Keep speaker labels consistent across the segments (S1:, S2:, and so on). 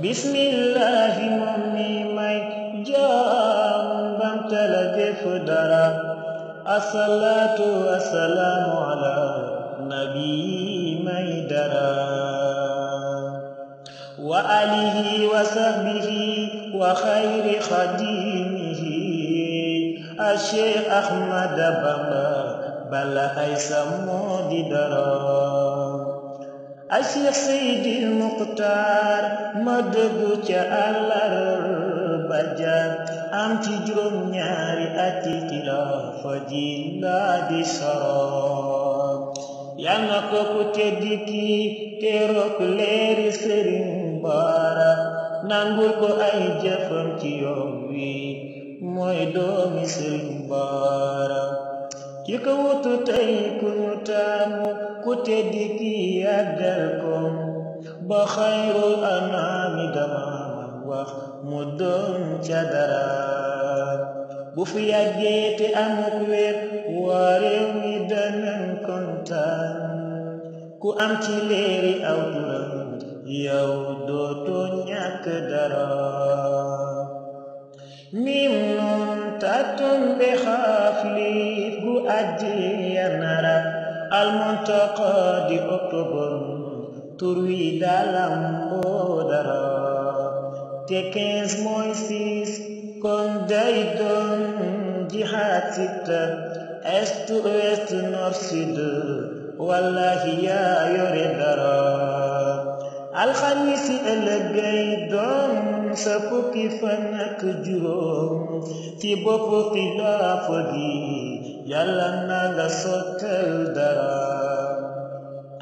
S1: bismillaahi moom mi may jaamu bamtala def dara asalaatu wasalaamu ala nabi may dara wa alihi wa sahbihi wa xayri xadimihi a Cheikh Ahmad Bamba bala ay sa moo di dara ay Seex Seydi Muxtaar ma dëggu ca àllar ba jàpp am ci juróom ñaari ati xilaafa ji di soroob yal ko ku tedd ki terook leeri sëriñ baara nangul ko ay jëfam ci yoon wi mooy doomi sëriñ baara ki ko wutu tey ku ñu taamu ku teddi ki yàggal ko ba xayru anaami damaamam wax mu doon ca dara bu fi yàggee te amuk wér waa réew mi danañ kontaan ku am ci leeri aw turam yow dootoo ñàkk dara أتم بخفلي أدي نرى المنطقة دي أكتوبر تروي دالم بودرا تكنز مويسيس كون دايدون جهات ستة أست أست نرسد والله يا يري درا الخميس ألقي دون sa fukki fan ak juróom ci bopp xilaafa gi yàlla na la sottal dara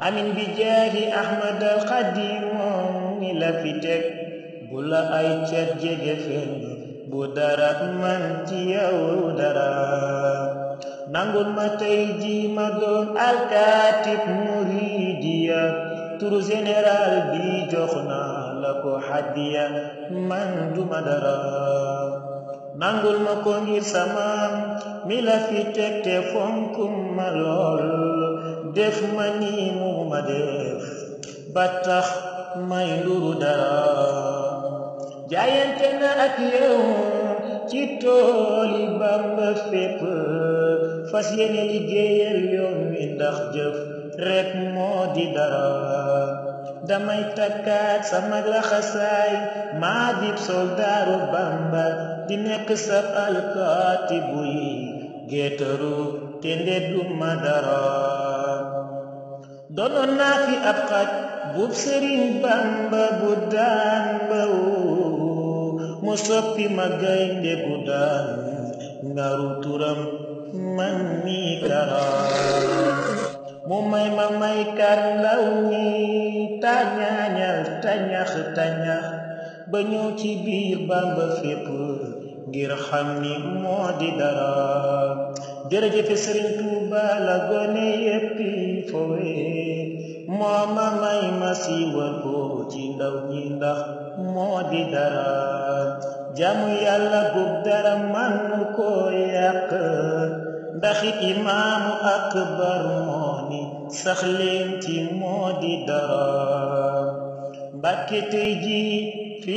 S1: amin bi jaahi ahmad al xadim moom la fi teg bu la ay cat jege bu dara man ci yow nangul ma tey ji ma doon alkaatib muridiya turu général bi jox naa lako hadiya man duma dara nangul ma ko ngir sama mi la fi teg te fonkum ma lool def ma ni mu ma def ba may nduru dara jaayante na ak yow ci tooli Bamba fépp fas yéene liggéeyal yoon wi ndax jëf rek moo di dara damay takkaat sama laxasaay maa dib soldaaru Bamba di nekk sa alkaati buy géetaru te ndedduma dara doonoon naa fi ab xaj bub sëriñ Bamba bu daan baw mu soppi ma gaynde bu daan ngaru turam man mi kara mu may ma may kan law ñi tañaañal tañax tañax ba ñëw ci biir Bamba fépp ngir xam ni moo di dara jërëjëfe Sëriñ Tuuba la gone yéppi fowe moo ma may ma siiwal ko ndaw ñi ndax moo di dara jaamu yàlla gub dara man ko yàq ndaxi imaamu akbar moo sax leen ci moo di dara mbàkke tey ji fi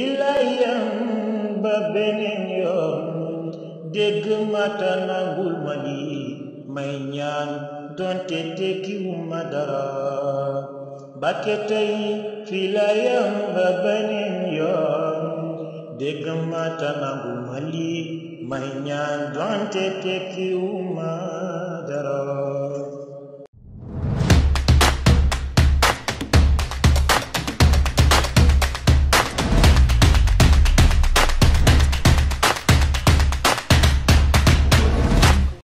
S1: ba beneen yoon dégg mata nangul ma may ñaan donte tekkiwu dara mbàkke tey fi ba beneen yoon dégg mata nangul ma may ñaan donte tekkiwu dara